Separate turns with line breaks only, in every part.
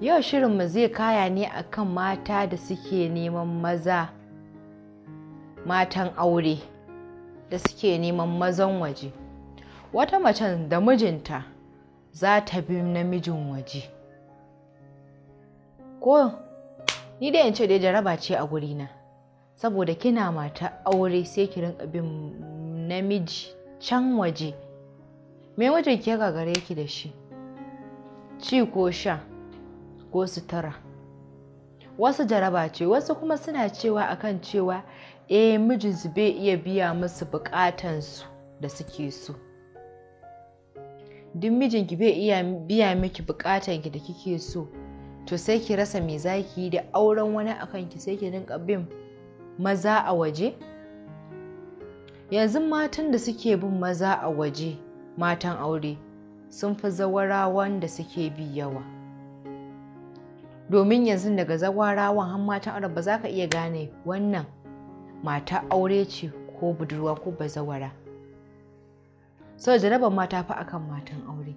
Yau shirinmu zai kaya ne akan mata da suke neman maza matan aure da suke neman mazan waje. Wata macen da mijinta za ta bi namijin waje. Ko ni da ce dai jaraba ce a gurina, saboda kina mata aure sai ki rinka bin namiji can waje. mai wajen ke gare ki da shi? Ci ko sha? ko sutura wasu jaraba ce wasu kuma suna cewa akan cewa eh mijinsu bai iya biya musu bukatansu da suke so duk mijinki bai iya biya miki bukatanki da kike so to sai ki rasa me zaki da auren wani akan ki sai ki rinka bin maza a waje yanzu matan da suke bin maza a waje matan aure sun fi zawarawan da suke bi yawa domin yanzu daga zagwarawan har matan aure ba za ka iya gane wannan mata aure ce ko budurwa ko bazawara sau jarabar mata fi akan matan aure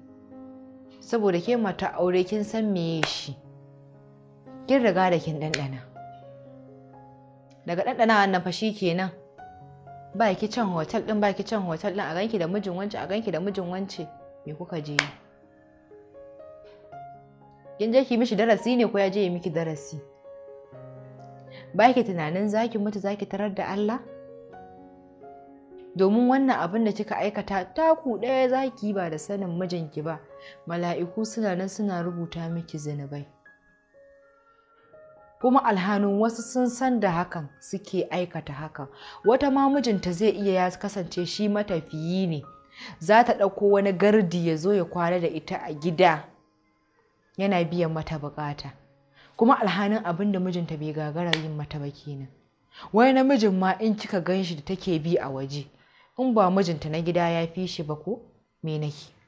saboda ke mata aure kin san meye shi kin riga da kin ɗanɗana daga ɗanɗana wannan fa kenan ba ki can hotel ɗin ba ki can hotel ɗin a ganki da mijin wance a ganki da mijin wance me kuka je yi kin je ki mishi darasi ne ko ya je ya miki darasi ba ki tunanin za ki mutu za ki tarar da Allah domin wannan abin da kika aikata taku ɗaya zaki ba da sanin mijinki ba mala'iku suna nan suna rubuta miki zunubai kuma alhanun wasu sun san da hakan suke aikata hakan wata ma mijinta zai iya ya kasance shi matafiyi ne za ta ɗauko wani gardi ya zo ya kwana da ita a gida yana biyan mata bukata kuma alhanin abin da mijinta bai gagara yin mata ba kenan wai namijin ma in kika gan shi da take bi a waje in ba mijinta na gida ya fi shi ba ko me nake